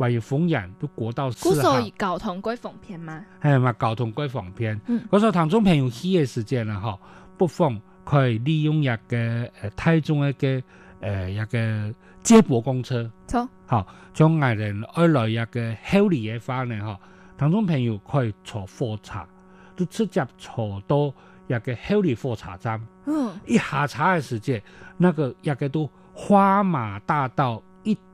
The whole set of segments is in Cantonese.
或者豐原都國道四故，所以交通鬼方便嘛？係嘛，交通鬼方便。嗰時候台中朋友用起嘅時間啦，嗬，不妨可以利用一個誒、呃、台中一個誒、呃、一個接駁公車，錯。嚇，將外埔開來一個后里嘅翻嚟嚇，台中朋友又可以坐火車，都直接坐到一個后里火車站。嗯。一下車嘅時間，那個呀個都花馬大道。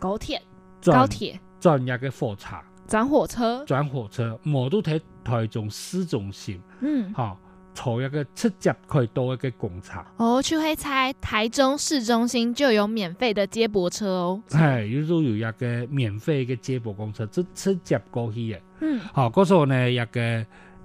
高鐵，高鐵轉一個火車，轉火車，轉火車，我都睇台中市中心，嗯，好、哦，坐一個七折可以到一個工廠。哦，邱黑猜台中市中心就有免費的接駁車哦。係、嗯，如果有一個免費嘅接駁公車，只七折過去嘅。嗯，好、哦，嗰時候呢一個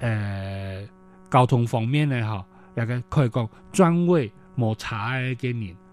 誒交、呃、通方面呢吓一個可以講專為冇車嘅人。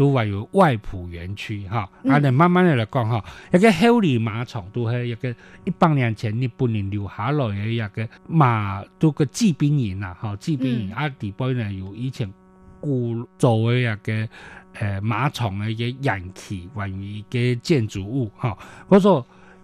都還有外埔園區，哈、嗯，啊嚟，慢慢來講，哈，一個后里馬場，都係一個一百年前日本人留下來的一個馬都叫，都個騎兵營啊，哈，騎兵營啊啲碑呢，有以前故做嘅一個誒、呃、馬場嘅嘅遺器，關於一個建築物哈，我說。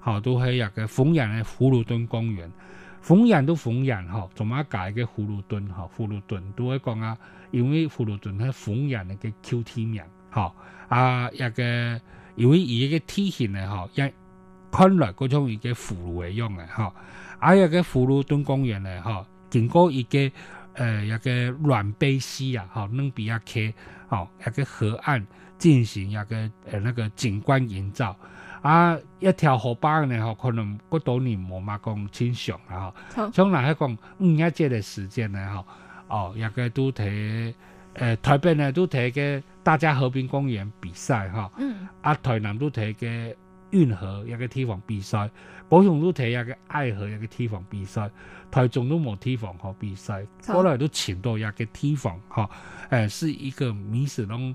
好，都係一個豐原的葫蘆墩公園，豐原都豐原吼，同、哦、埋一個葫蘆墩。吼、哦，葫蘆墩都會講、哦、啊，因為葫蘆墩、哦啊啊這個、墩係豐原嘅 Q T 面。吼啊一個，因為伊嘅地形咧吼，一看來嗰種伊嘅葫蘆嘅樣嘅，吼啊一個葫蘆墩公園咧，吼經過一個誒一個軟貝西啊，吼嫩比亞克，吼、這、一個河岸進行一、這個誒、呃、那個景觀營造。啊，一條河壩呢？可能嗰多年冇嘛講清爽啦，哈。像來一個五日節的時間呢，哈，哦，一個都睇，誒、呃，台北呢都睇個大佳河濱公園比賽，哈、哦。嗯。啊，台南都睇個運河一個堤防比賽，高雄都睇一個愛河一個堤防比賽，台中都冇堤防好，比賽，過來都請到一個堤防哈，誒、哦呃，是一個民生中。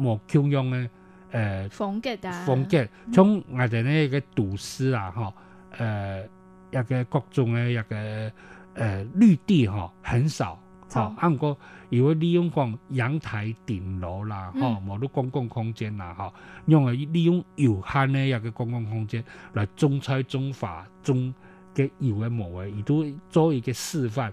冇叫用嘅，誒、呃、風格，啊風格，從我哋呢個都市啊，嗬、嗯，誒、呃、一個各種的，一個誒、呃、綠地嗬，很少，好，按、哦、個，如果利用講陽台、頂樓啦，嗬，某啲公共空間啦，嗬、嗯，用嚟利用有限的一個公共空間嚟種菜、種花、種嘅有的冇嘅，而都做一個示範。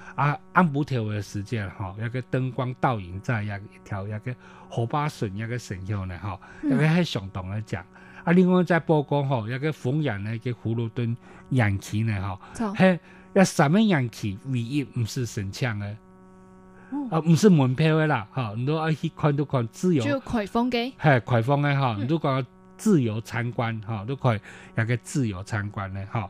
啊，暗晡條嘅時間，哈、哦，一個燈光倒影在一一條一個火把船一個上游咧，哈，因為係上當嘅講，啊，另外再報告，吼，一個逢人咧嘅葫蘆墩人氣呢，哈、嗯，係一十蚊人氣，唯一唔是神槍嘅、哦，啊，唔是門票的啦，哈，你都可以看，看，看，看，看、嗯、都看自由。就開放嘅，係開放嘅，哈，你都講自由參觀，哈，都可以個自由參觀咧，哈。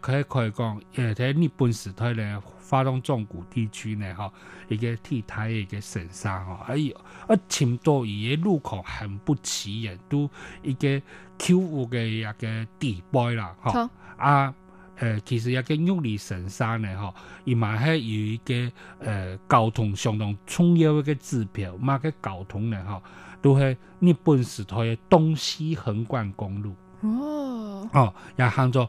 可以可以講，誒喺日本時代咧，花東縱谷地區咧，嚇，一個梯田嘅一個神山，嚇、哎，哎、啊、呀，一前多而嘅路口很不起眼，都一個 Q 五嘅一個地標啦，嚇、哦嗯，啊，誒、呃，其實一個玉里神山咧，嚇，而埋喺有一個呃交通相當重要個指標，乜嘅交通咧，嚇，都係日本時代的東西橫貫公路，哦，哦，又喊做。